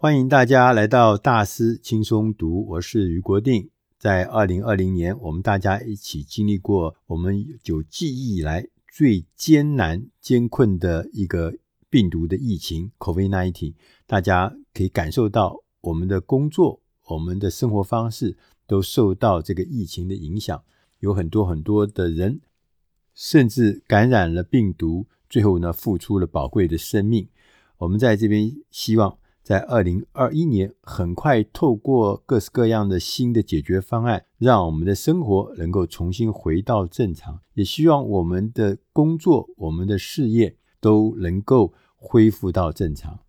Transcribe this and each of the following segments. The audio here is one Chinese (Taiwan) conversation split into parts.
歡迎大家來到大師輕鬆讀，我是俞國定。在二零二零年，我們大家一起經歷過我們有記憶以來最艱難、艱困的一個病毒的疫情 （COVID-19）。大家可以感受到，我們的工作、我們的生活方式都受到這個疫情的影響。有很多很多的人，甚至感染了病毒，最後呢，付出了寶貴的生命。我們在這邊希望，在二零二一年，很快透過各式各樣的新的解決方案，讓我們的生活能夠重新回到正常，也希望我們的工作、我們的事業都能夠恢復到正常。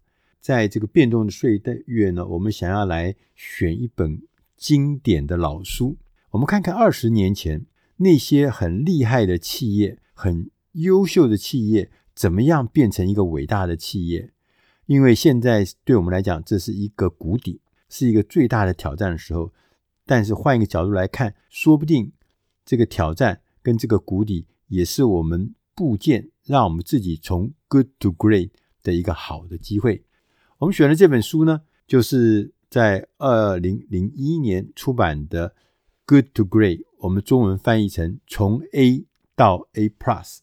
在這個變動的歲月呢，我們想要來選一本經典的老書，我們看看二十年前那些很厲害的企業、很優秀的企業，怎麼樣變成一個偉大的企業。因為現在對我們來講，這是一個谷底，是一個最大的挑戰的時候。但是換一個角度來看，說不定這個挑戰跟這個谷底，也是我們部件讓我們自己從 good to great 的一個好的機會。我們選的這本書呢，就是在二零零一年出版的《Good to Great》，我們中文翻譯成“從 A 到 A Plus”。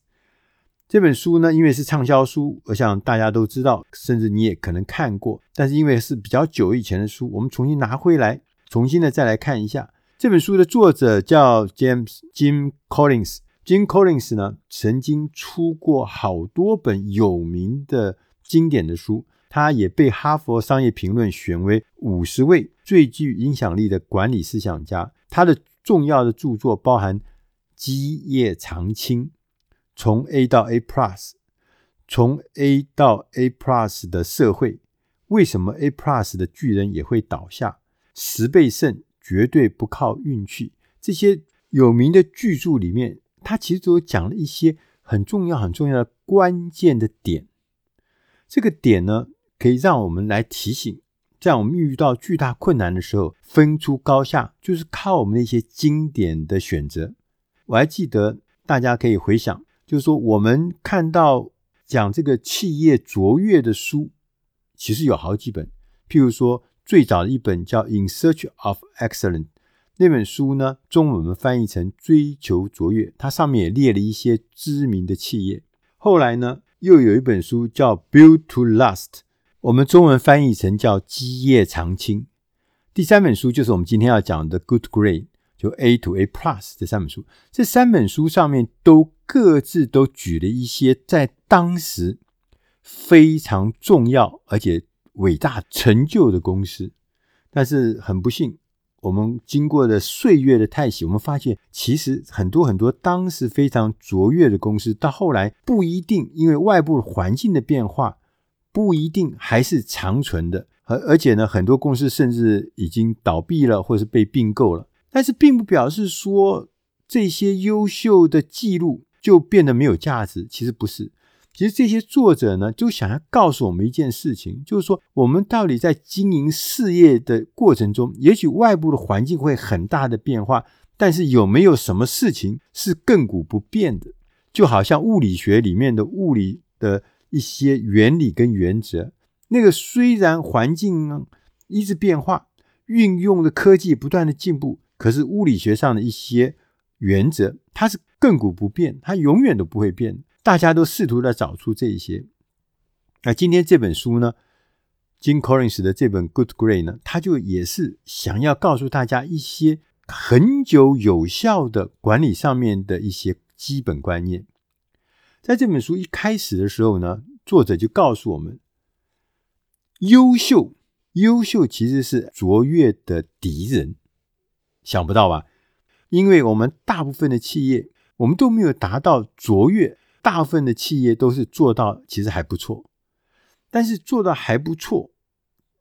這本書呢，因為是暢銷書，我想大家都知道，甚至你也可能看過。但是因為是比較久以前的書，我們重新拿回來，重新的再來看一下。這本書的作者叫 James Jim Collins。Jim Collins 呢，曾經出過好多本有名的經典的書，他也被哈佛商業評論選為五十位最具影響力的管理思想家。他的重要的著作包含《基業長青》。從 A 到 A plus，從 A 到 A plus 的社會，為什麼 A plus 的巨人也會倒下？十倍勝，絕對不靠運氣。這些有名的巨著裡面，它其實都有講了一些很重要、很重要的關鍵的點。這個點呢，可以讓我們來提醒，在我們遇到巨大困難的時候，分出高下，就是靠我們的一些經典的選擇。我還記得，大家可以回想。就是說，我們看到講這個企業卓越的書，其實有好幾本。譬如說，最早的一本叫《In Search of Excellence》，那本書呢，中文我們翻譯成“追求卓越”。它上面也列了一些知名的企業。後來呢，又有一本書叫《Built to Last》，我們中文翻譯成叫“基業長青”。第三本書就是我們今天要講的《Good to Great》有 A to A Plus 這三本書，這三本書上面都各自都舉了一些在當時非常重要而且偉大成就的公司，但是很不幸，我們經過的歲月的太息，我們發現其實很多很多當時非常卓越的公司，到後來不一定因為外部環境的變化，不一定還是長存的，而而且呢，很多公司甚至已經倒閉了，或是被併購了。但是並不表示說這些優秀的記錄就變得沒有價值，其實不是，其實這些作者呢，就想要告訴我們一件事情，就是說我們到底在經營事業的過程中，也許外部的環境會很大的變化，但是有沒有什麼事情是亘古不變的？就好像物理學裡面的物理的一些原理跟原則，那個雖然環境呢一直變化，運用的科技不斷的進步。可是物理學上的一些原則，它是亘古不變，它永遠都不會變。大家都試圖在找出這一些。那今天這本書呢，Jim Collins 的這本《Good to Great》呢，他就也是想要告訴大家一些很久有效的管理上面的一些基本觀念。在這本書一開始的時候呢，作者就告訴我們：優秀，優秀其實是卓越的敵人。想不到吧？因為我們大部分的企業，我們都沒有達到卓越。大部分的企業都是做到其實還不錯，但是做到還不錯，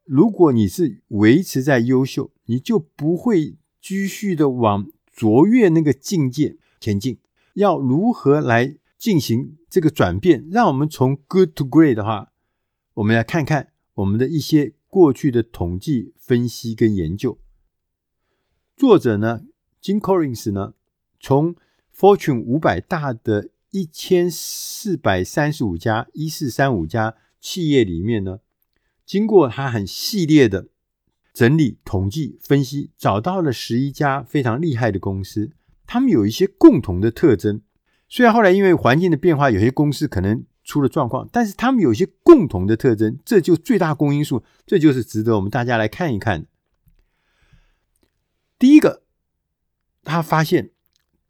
如果你是維持在優秀，你就不會繼續的往卓越那個境界前進。要如何來進行這個轉變，讓我們從 good to great 的話，我們來看看我們的一些過去的統計分析跟研究。作者呢，Jim Collins 呢，從 Fortune 五百大的一千四百三十五家、一四三五家企業裡面呢，經過他很系列的整理、統計、分析，找到了十一家非常厲害的公司。他們有一些共同的特徵。雖然後來因為環境的變化，有些公司可能出了狀況，但是他們有一些共同的特徵，這就最大公因數，這就是值得我們大家來看一看。第一個，他發現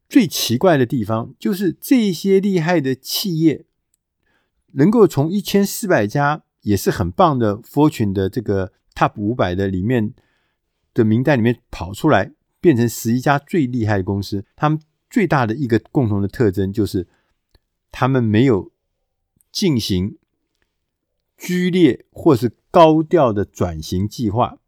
最奇怪的地方就是這些厲害的企業能夠從一千四百家也是很棒的 Fortune 的這個 Top 五百的裡面的名單裡面跑出來，變成十一家最厲害的公司。他們最大的一個共同的特徵就是，他們沒有進行劇烈或是高調的轉型計劃。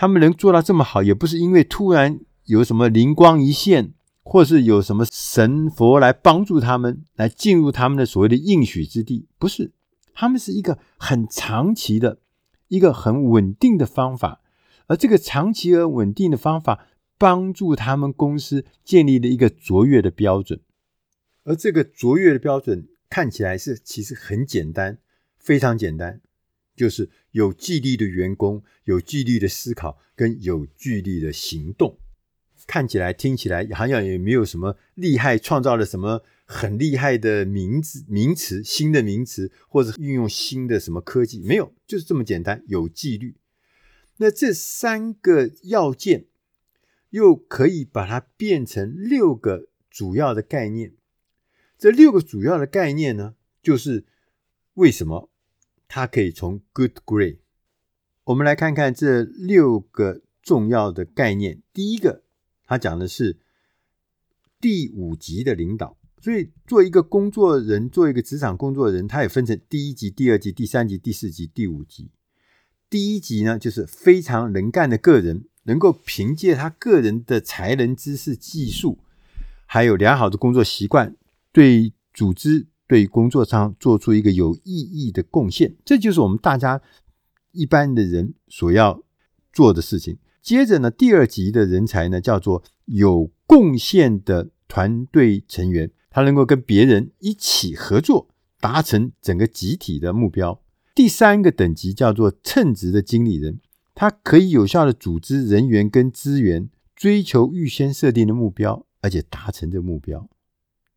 他們能做到這麼好，也不是因為突然有什麼靈光一現，或是有什麼神佛來幫助他們來進入他們的所謂的應許之地，不是。他們是一個很長期的、一個很穩定的方法，而這個長期而穩定的方法幫助他們公司建立了一個卓越的標準，而這個卓越的標準看起來是其實很簡單，非常簡單。就是有紀律的員工，有紀律的思考跟有紀律的行動，看起來、聽起來好像也沒有什麼厲害，創造了什麼很厲害的名字、名詞、新的名詞，或者運用新的什麼科技，沒有，就是這麼簡單，有紀律。那這三個要件，又可以把它變成六個主要的概念。這六個主要的概念呢，就是為什麼？他可以從 Good to Great，我們來看看這六個重要的概念。第一個，他講的是第五級的領導。所以，做一個工作人，做一個職場工作人，他也分成第一級、第二級、第三級、第四級、第五級。第一級呢，就是非常能幹的個人，能夠憑借他個人的才能、知識、技術，還有良好的工作習慣，對組織。對工作上做出一個有意義的貢獻，這就是我們大家一般的人所要做的事情。接着呢，第二級的人才呢，叫做有貢獻的團隊成員，他能夠跟別人一起合作，達成整個集體的目標。第三個等級叫做稱職的經理人，他可以有效地組織人員跟資源，追求預先設定的目標，而且達成這目標，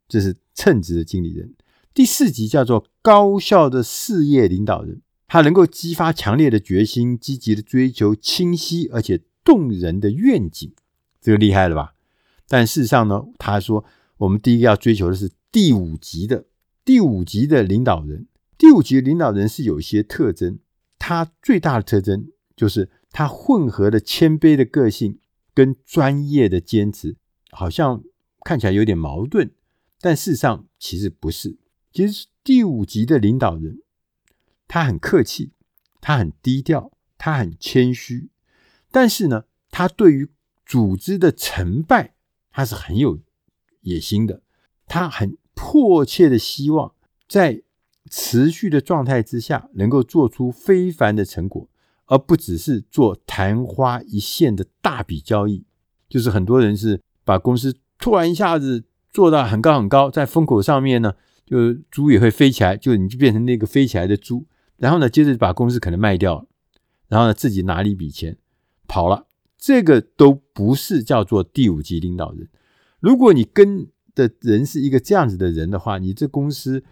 這是稱職的經理人。第四級叫做高效的事業領導人，他能夠激發強烈的決心，積極的追求清晰而且動人的願景，這個厲害了吧？但事實上呢，他說我們第一個要追求的是第五級的第五級的領導人，第五級的領導人是有一些特徵，他最大的特徵就是他混合了謙卑的個性跟專業的堅持，好像看起來有點矛盾，但事實上其實不是。其實第五級的領導人，他很客氣，他很低調，他很謙虛，但是呢，他對於組織的成敗，他是很有野心的，他很迫切的希望在持續的狀態之下，能夠做出非凡的成果，而不只是做曇花一現的大筆交易，就是很多人是把公司突然一下子做到很高很高，在風口上面呢。就是豬也會飛起來，就你就變成那個飛起來的豬，然後呢，接着把公司可能賣掉，然後呢，自己拿了一筆錢跑了，這個都不是叫做第五級領導人。如果你跟的人是一個這樣子的人的話，你這公司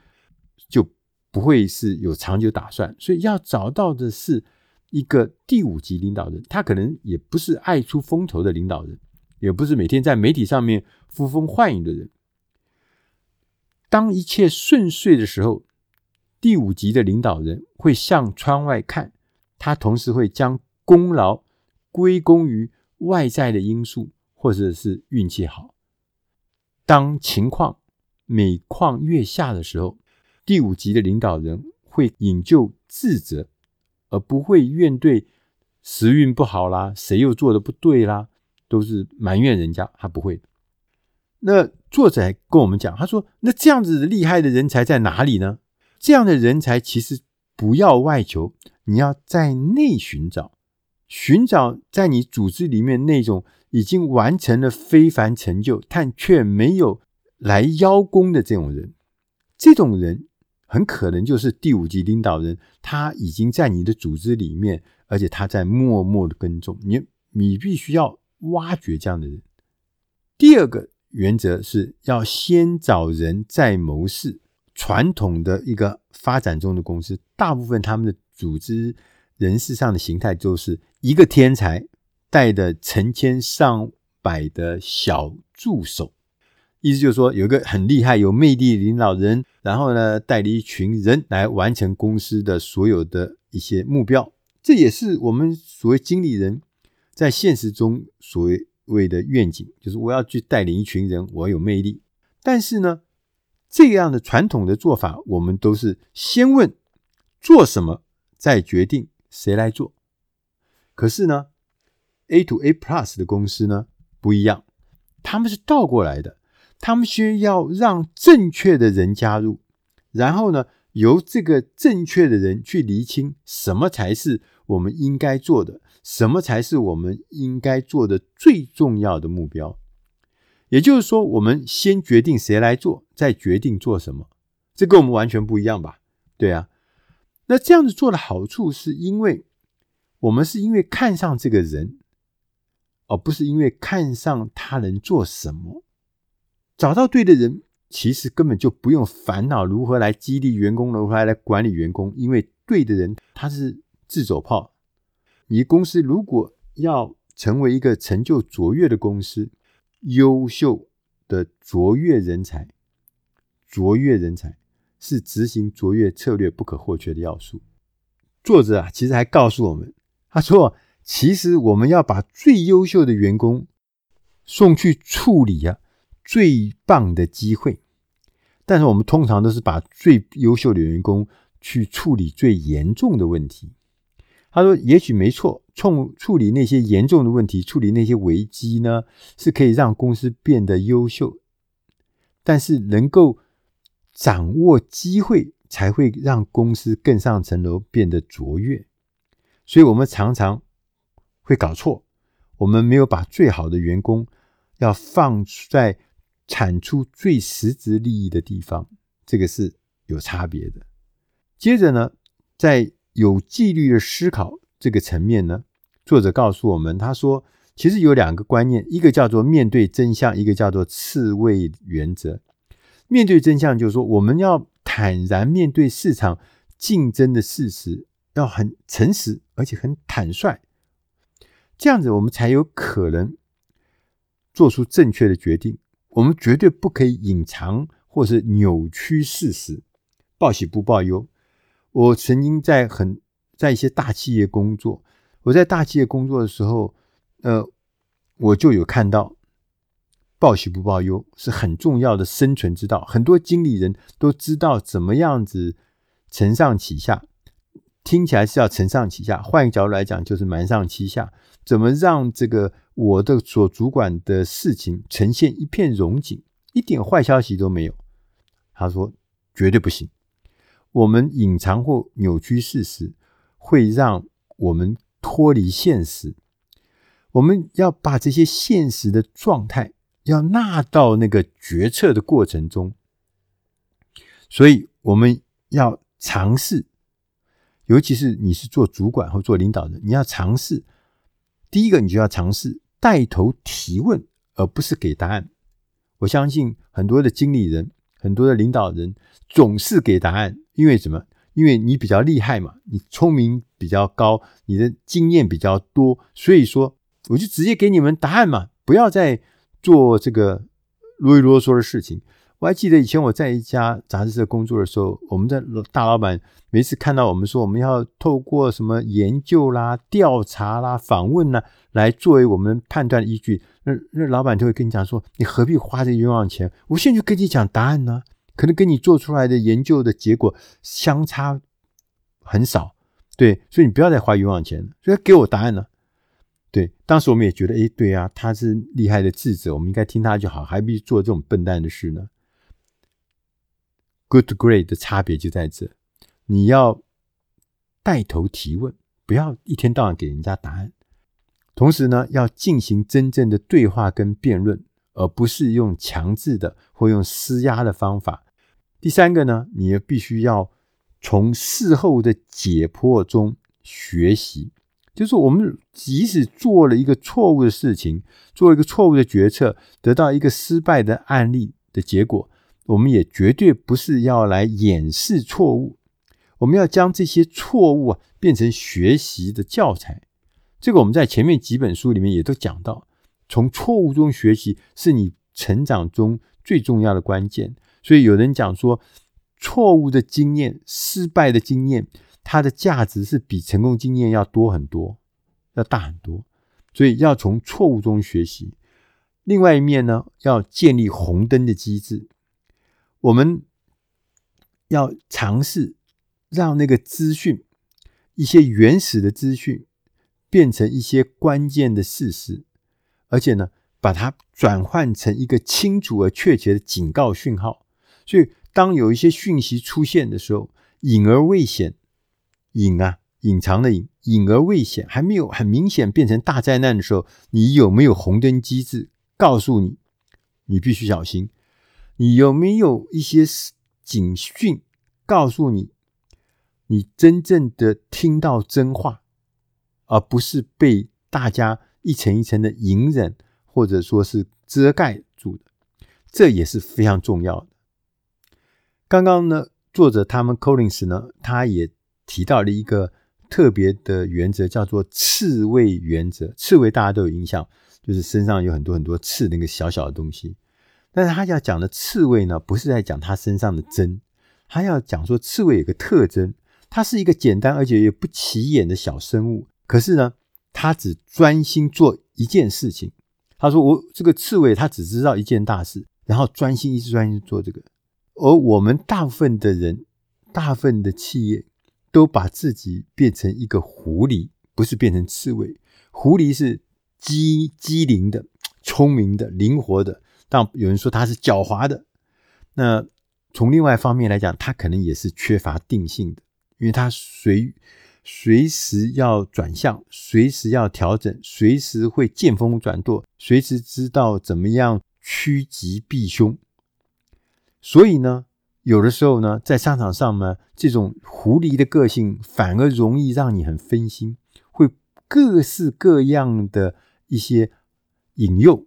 就不會是有長久打算。所以要找到的是一個第五級領導人，他可能也不是愛出風頭的領導人，也不是每天在媒體上面呼風喚雨的人。當一切順遂的時候，第五級的領導人會向窗外看，他同時會將功勞歸功於外在的因素或者是運氣好。當情況每況愈下的時候，第五級的領導人會引咎自責，而不會怨懟時運不好啦，誰又做的不對啦，都是埋怨人家，他不會的。那。作者還跟我們講，他說：“那這樣子厲害的人才在哪裡呢？這樣的人才其實不要外求，你要在內尋找，尋找在你組織裡面那種已經完成了非凡成就，但卻沒有來邀功的這種人。這種人很可能就是第五級領導人，他已經在你的組織裡面，而且他在默默的跟蹤你，你必須要挖掘這樣的人。第二個。”原則是要先找人再謀事。傳統的一個發展中的公司，大部分他們的組織人事上的形態就是一個天才帶的成千上百的小助手，意思就是說有一個很厲害、有魅力的領導人，然後呢，帶了一群人來完成公司的所有的一些目標。這也是我們所謂經理人在現實中所謂。位的願景就是我要去帶領一群人，我有魅力。但是呢，這樣的傳統的做法，我們都是先問做什麼，再決定誰來做。可是呢，A to A Plus 的公司呢不一樣，他們是倒過來的。他們先要讓正確的人加入，然後呢，由這個正確的人去釐清什麼才是我們應該做的。什麼才是我們應該做的最重要的目標？也就是說，我們先決定誰來做，再決定做什麼。這跟我們完全不一樣吧？對啊。那這樣子做的好處是因為我們是因為看上這個人，而、哦、不是因為看上他能做什麼。找到對的人，其實根本就不用煩惱如何來激勵員工，如何來，來管理員工，因為對的人他是自走炮。你公司如果要成為一個成就卓越的公司，優秀的卓越人才，卓越人才是執行卓越策略，不可或缺的要素。作者啊，其實還告訴我們，他說，其實我們要把最優秀的員工送去處理啊，最棒的機會，但是我們通常都是把最優秀的員工去處理最嚴重的問題。他說：“也許沒錯，從處理那些嚴重的問題，處理那些危機呢，是可以讓公司變得優秀。但是，能夠掌握機會，才會讓公司更上層樓，變得卓越。所以，我們常常會搞錯，我們沒有把最好的員工要放在產出最實質利益的地方，這個是有差別的。接着呢，在。”有紀律的思考這個層面呢，作者告訴我們，他說其實有兩個觀念，一個叫做面對真相，一個叫做刺蝟原則。面對真相，就是說我們要坦然面對市場競爭的事實，要很誠實而且很坦率，這樣子我們才有可能做出正確的決定。我們絕對不可以隱藏或是扭曲事實，報喜不報憂。我曾經在很在一些大企業工作，我在大企業工作的時候，呃，我就有看到報喜不報憂是很重要的生存之道。很多經理人都知道怎麼樣子承上啟下，聽起來是要承上啟下，換一個角度來講就是瞞上欺下。怎麼讓這個我的所主管的事情呈現一片榮景，一點壞消息都沒有？他說絕對不行。我們隱藏或扭曲事實，會讓我們脫離現實。我們要把這些現實的狀態，要納到那個決策的過程中。所以，我們要嘗試，尤其是你是做主管或做領導的，你要嘗試。第一個，你就要嘗試帶頭提問，而不是給答案。我相信很多的經理人。很多的領導人總是給答案，因為什麼？因為你比較厲害嘛，你聰明比較高，你的經驗比較多，所以說我就直接給你們答案嘛，不要再做這個囉裡囉嗦的事情。我還記得以前我在一家雜誌社工作的時候，我們的大老闆每次看到我們說我們要透過什麼研究啦、調查啦、訪問啦，來作為我們判斷依據。那那老闆就會跟你講說，你何必花這冤枉錢？我現在就跟你講答案呢、啊，可能跟你做出來的研究的結果相差很少，對，所以你不要再花冤枉錢了。所以他給我答案呢、啊？對，當時我們也覺得，誒，對啊，他是厲害的智者，我們應該聽他就好，何必做這種笨蛋的事呢？Good to Great 的差別就在這，你要帶頭提問，不要一天到晚給人家答案。同時呢，要進行真正的對話跟辯論，而不是用強制的或用施壓的方法。第三個呢，你也必須要從事後的解剖中學習，就是我們即使做了一個錯誤的事情，做了一個錯誤的決策，得到一個失敗的案例的結果，我們也絕對不是要來掩飾錯誤，我們要將這些錯誤啊變成學習的教材。這個我們在前面幾本書裡面也都講到，從錯誤中學習是你成長中最重要的關鍵。所以有人講說，錯誤的經驗、失敗的經驗，它的價值是比成功經驗要多很多，要大很多。所以要從錯誤中學習。另外一面呢，要建立紅燈的機制。我們要嘗試讓那個資訊，一些原始的資訊，變成一些關鍵的事實，而且呢，把它轉換成一個清楚而確切的警告訊號。所以，當有一些訊息出現的時候，隱而未顯，隱啊，隱藏的隱，隱而未顯，還沒有很明顯變成大災難的時候，你有沒有紅燈機制告訴你，你必須小心？你有沒有一些警訊告訴你，你真正的聽到真話？而不是被大家一層一層的隱忍或者說是遮蓋住的，這也是非常重要的。剛剛呢，作者他們 Collins 呢，他也提到了一個特別的原則，叫做刺蝟原則。刺蝟大家都有印象，就是身上有很多很多刺那個小小的東西。但是他要講的刺蝟呢，不是在講他身上的針，他要講說刺蝟有個特徵，它是一個簡單而且也不起眼的小生物。可是呢，他只專心做一件事情。他說：“我這個刺蝟，他只知道一件大事，然後專心一直專心做這個。而我們大部分的人，大部分的企業，都把自己變成一個狐狸，不是變成刺蝟。狐狸是機機靈的、聰明的、靈活的，但有人說它是狡猾的。那從另外一方面來講，它可能也是缺乏定性的，因為它隨。”隨時要轉向，隨時要調整，隨時會見風轉舵，隨時知道怎麼樣趨吉避凶。所以呢，有的時候呢，在商場上呢，這種狐狸的個性反而容易讓你很分心，會各式各樣的一些引誘，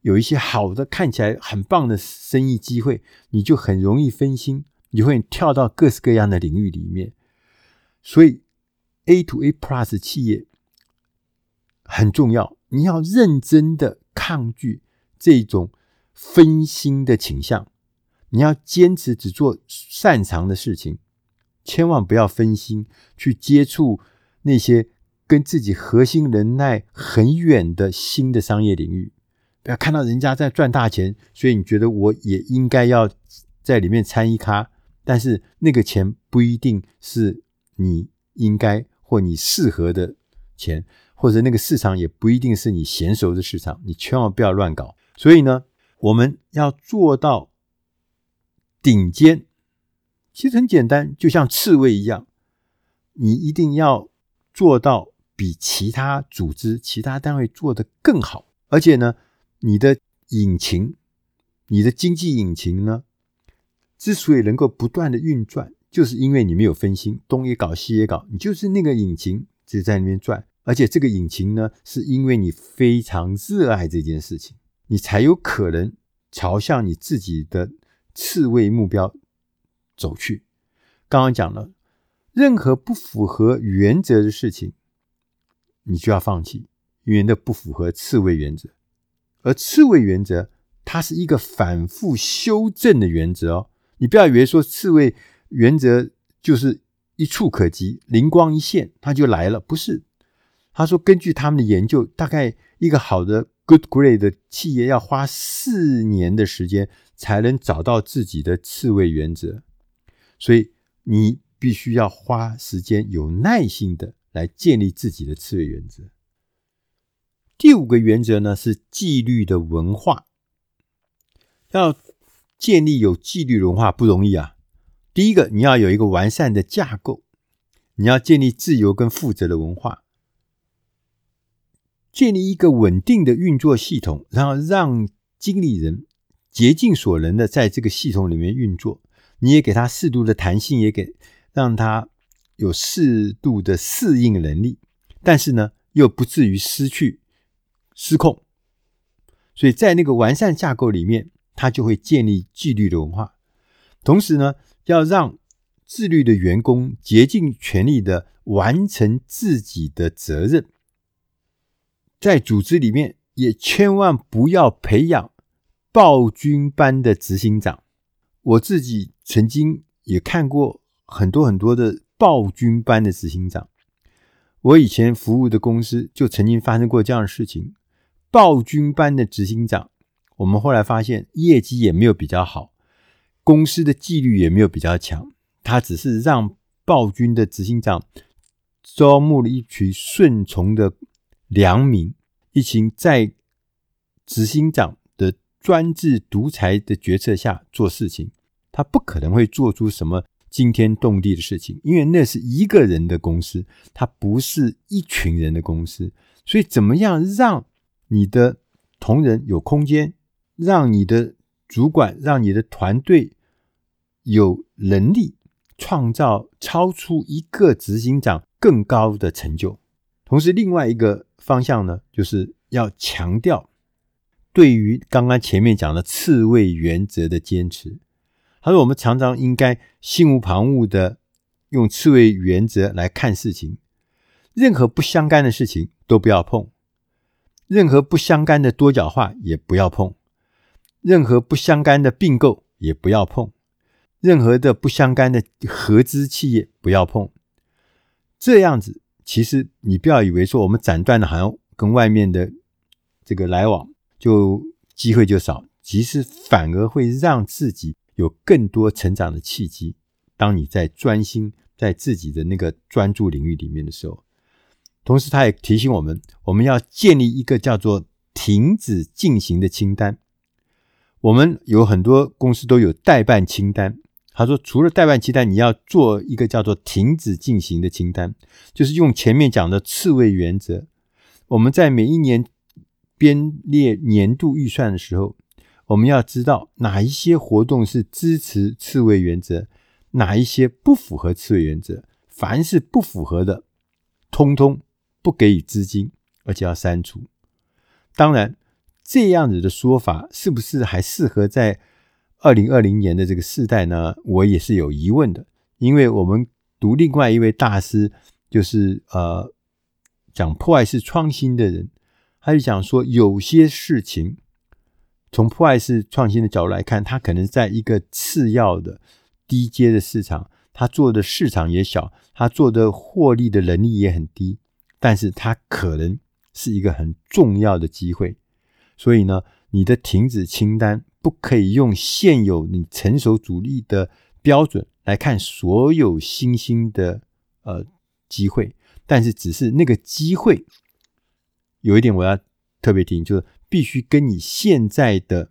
有一些好的看起來很棒的生意機會，你就很容易分心，你會跳到各式各樣的領域裡面，所以。A to A Plus 企業很重要，你要認真的抗拒這種分心的傾向，你要堅持只做擅長的事情，千萬不要分心去接觸那些跟自己核心能耐很遠的新的商業領域。不要看到人家在賺大錢，所以你覺得我也應該要在裡面參一咖，但是那個錢不一定是你應該。或你適合的錢，或者那個市場也不一定是你嫻熟的市場，你千萬不要亂搞。所以呢，我們要做到頂尖，其實很簡單，就像刺蝟一樣，你一定要做到比其他組織、其他單位做得更好。而且呢，你的引擎，你的經濟引擎呢，之所以能夠不斷的運轉。就是因為你沒有分心，東也搞，西也搞，你就是那個引擎只在那邊轉。而且這個引擎呢，是因為你非常熱愛這件事情，你才有可能朝向你自己的刺蝟目標走去。剛剛講了，任何不符合原則的事情，你就要放棄，因為那不符合刺蝟原則。而刺蝟原則，它是一個反覆修正的原則哦，你不要以為說刺蝟。原則就是一蹴可幾、靈光一現，它就來了。不是，他說根據他們的研究，大概一個好的 good to great 的企業要花四年的時間才能找到自己的刺蝟原則。所以你必須要花時間、有耐心的來建立自己的刺蝟原則。第五個原則呢是紀律的文化，要建立有紀律文化不容易啊。第一個，你要有一個完善的架構，你要建立自由跟負責的文化，建立一個穩定的運作系統，然後讓經理人竭盡所能的在這個系統裡面運作，你也給他適度的彈性，也給讓他有適度的適應能力，但是呢，又不至於失去失控。所以在那個完善架構裡面，他就會建立紀律的文化，同時呢。要讓自律的員工竭盡全力地完成自己的責任，在組織裡面也千萬不要培養暴君般的執行長。我自己曾經也看過很多很多的暴君般的執行長。我以前服務的公司就曾經發生過這樣的事情：暴君般的執行長，我們後來發現業績也沒有比較好。公司的紀律也沒有比較強，他只是讓暴君的執行長招募了一群順從的良民，一群在執行長的專制獨裁的決策下做事情，他不可能會做出什麼驚天動地的事情，因為那是一個人的公司，他不是一群人的公司，所以怎麼樣讓你的同仁有空間，讓你的主管，讓你的團隊。有能力創造超出一個執行長更高的成就，同時另外一個方向呢，就是要強調對於剛剛前面講的刺蝟原則的堅持。他說：“我們常常應該心無旁騖地用刺蝟原則來看事情，任何不相干的事情都不要碰，任何不相干的多角化也不要碰，任何不相干的併購也不要碰。”任何的不相干的合資企業不要碰，這樣子其實你不要以為說我們斬斷了，好像跟外面的這個來往就機會就少，其實反而會讓自己有更多成長的契機。當你在專心在自己的那個專注領域裡面的時候，同時他也提醒我們，我們要建立一個叫做停止進行的清單。我們有很多公司都有待辦清單。他說：“除了代辦清單，你要做一個叫做‘停止進行’的清單，就是用前面講的刺蝟原則。我們在每一年編列年度預算的時候，我們要知道哪一些活動是支持刺蝟原則，哪一些不符合刺蝟原則。凡是不符合的，通通不給予資金，而且要刪除。當然，這樣子的說法是不是還適合在？”二零二零年的這個世代呢，我也是有疑問的，因為我們讀另外一位大師，就是呃講破壞式創新的人，他就講說，有些事情從破壞式創新的角度來看，他可能在一個次要的低階的市場，他做的市場也小，他做的獲利的能力也很低，但是他可能是一個很重要的機會，所以呢，你的停止清單。不可以用現有你成熟主力的標準來看所有新興的呃機會，但是只是那個機會有一點我要特別提醒，就是必須跟你現在的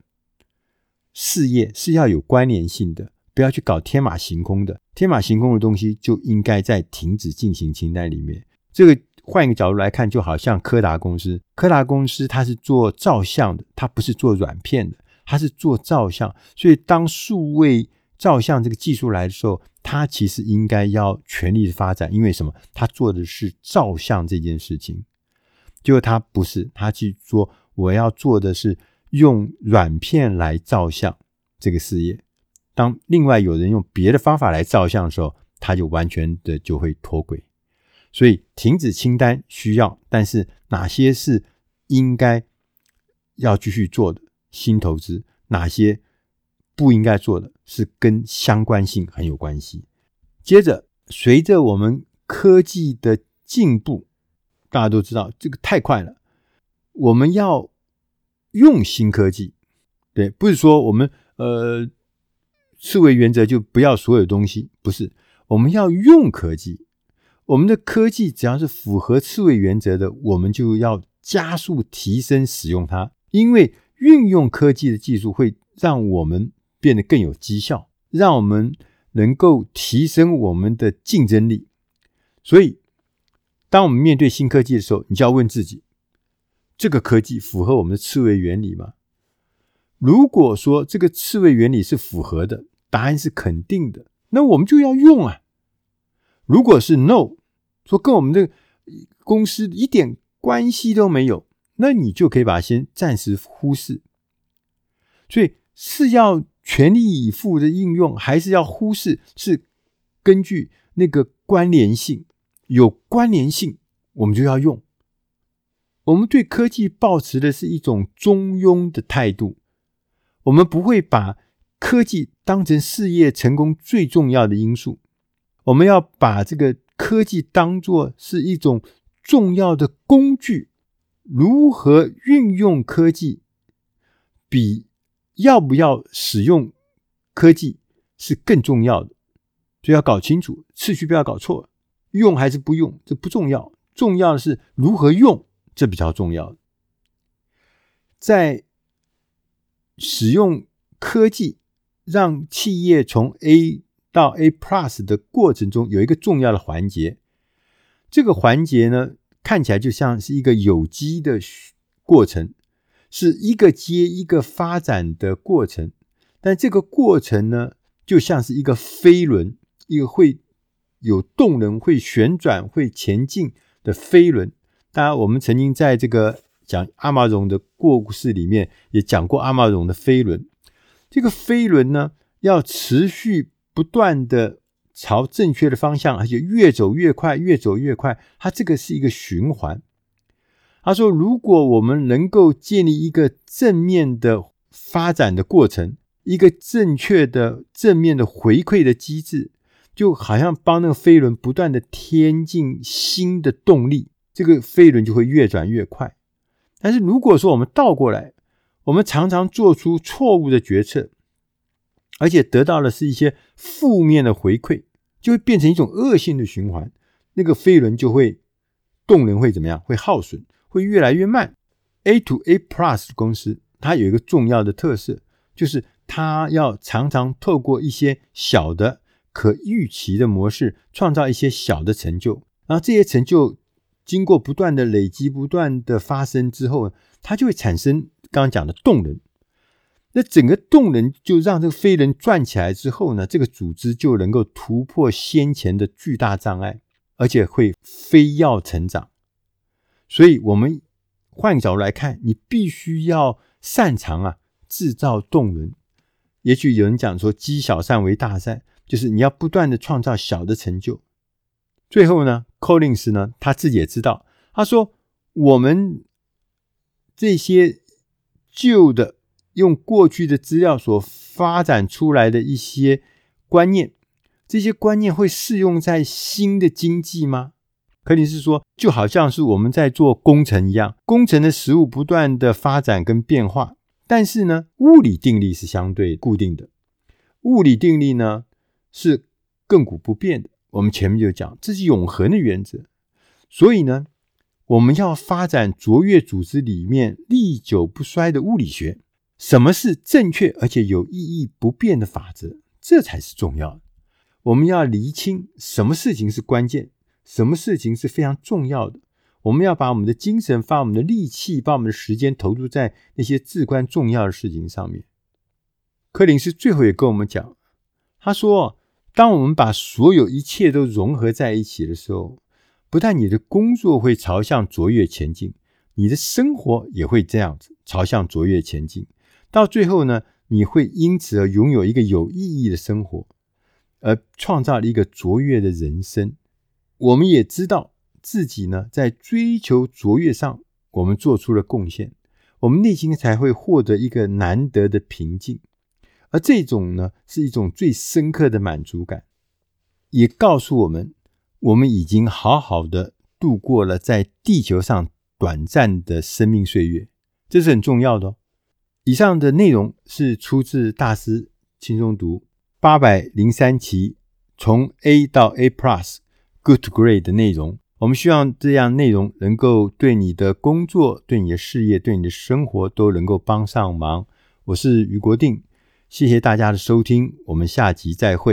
事業是要有關聯性的，不要去搞天馬行空的。天馬行空的東西就應該在停止進行清單裡面。這個換一個角度來看，就好像柯達公司，柯達公司它是做照相的，它不是做軟片的。他是做照相，所以當數位照相這個技術來的時候，他其實應該要全力的發展。因為什麼？他做的是照相這件事情，就他不是他去說我要做的是用軟片來照相這個事業。當另外有人用別的方法來照相的時候，他就完全的就會脫軌。所以停止清單需要，但是哪些是應該要繼續做的？新投資，哪些不應該做的，是跟相關性很有關係。接着，隨着我們科技的進步，大家都知道這個太快了。我們要用新科技，對，不是說我們呃刺蝟原則就不要所有東西，不是，我們要用科技。我們的科技只要是符合刺蝟原則的，我們就要加速提升使用它，因為。運用科技的技術會讓我們變得更有績效，讓我們能夠提升我們的競爭力。所以，當我們面對新科技的時候，你就要問自己：這個科技符合我們的刺蝟原理嗎？如果說這個刺蝟原理是符合的，答案是肯定的，那我們就要用啊。如果是 no，說跟我們這個公司一點關係都沒有。那你就可以把它先暫時忽視，所以是要全力以赴的應用，還是要忽視？是根據那個關聯性，有關聯性，我們就要用。我們對科技抱持的是一種中庸的態度，我們不會把科技當成事業成功最重要的因素，我們要把這個科技當作是一種重要的工具。如何運用科技，比要不要使用科技是更重要的，所以要搞清楚次序，不要搞錯。用還是不用，這不重要，重要的是如何用，這比較重要。在使用科技讓企業從 A 到 A Plus 的過程中，有一個重要的環節，這個環節呢？看起來就像是一個有機的過程，是一個接一個發展的過程。但這個過程呢，就像是一個飛輪，一個會有動能、會旋轉、會前進的飛輪。當然，我們曾經在這個講 Amazon 的過故事裡面，也講過 Amazon 的飛輪。這個飛輪呢，要持續不斷的。朝正確的方向，而且越走越快，越走越快。它這個是一個循環。他說，如果我們能夠建立一個正面的發展的過程，一個正確的、正面的回饋的機制，就好像幫那個飛輪不斷的添進新的動力，這個飛輪就會越轉越快。但是如果說我們倒過來，我們常常做出錯誤的決策。而且得到的是一些負面的回饋，就會變成一種惡性的循環，那個飛輪就會，動能會怎麼樣？會耗損，會越來越慢。A to A Plus 公司，它有一個重要的特色，就是它要常常透過一些小的可預期的模式，創造一些小的成就，然後這些成就經過不斷的累積、不斷的發生之後，它就會產生剛剛講的動能。那整個動能就讓這個飛輪轉起來之後呢，這個組織就能夠突破先前的巨大障礙，而且會飛躍成長。所以，我們換角度來看，你必須要擅長啊，製造動能。也許有人講說，積小善為大善，就是你要不斷的創造小的成就。最後呢，Collins 呢，他自己也知道，他說我們這些舊的。用過去的資料所發展出來的一些觀念，這些觀念會適用在新的經濟嗎？柯林斯說，就好像是我們在做工程一樣，工程的實物不斷的發展跟變化，但是呢，物理定律是相對固定的，物理定律呢是亙古不變的。我們前面就講，這是永恆的原則，所以呢，我們要發展卓越組織裡面歷久不衰的物理學。什麼是正確而且有意義不變的法則？這才是重要的。我們要釐清什麼事情是關鍵，什麼事情是非常重要的。我們要把我們的精神、把我們的力氣、把我們的時間，投入在那些至關重要的事情上面。柯林斯最後也跟我們講，他說：“當我們把所有一切都融合在一起的時候，不但你的工作會朝向卓越前進，你的生活也會這樣子朝向卓越前進。”到最後呢，你會因此而擁有一個有意義的生活，而創造了一個卓越的人生。我們也知道自己呢，在追求卓越上，我們做出了貢獻，我們內心才會獲得一個難得的平靜。而這種呢，是一種最深刻的滿足感，也告訴我們，我們已經好好的度過了在地球上短暫的生命歲月，這是很重要的哦。以上的內容是出自大師輕鬆讀八百零三期從 A 到 A Plus Good to Great 的內容。我們希望這樣內容能夠對你的工作、對你的事業、對你的生活都能夠幫上忙。我是余國定，謝謝大家的收聽，我們下集再會。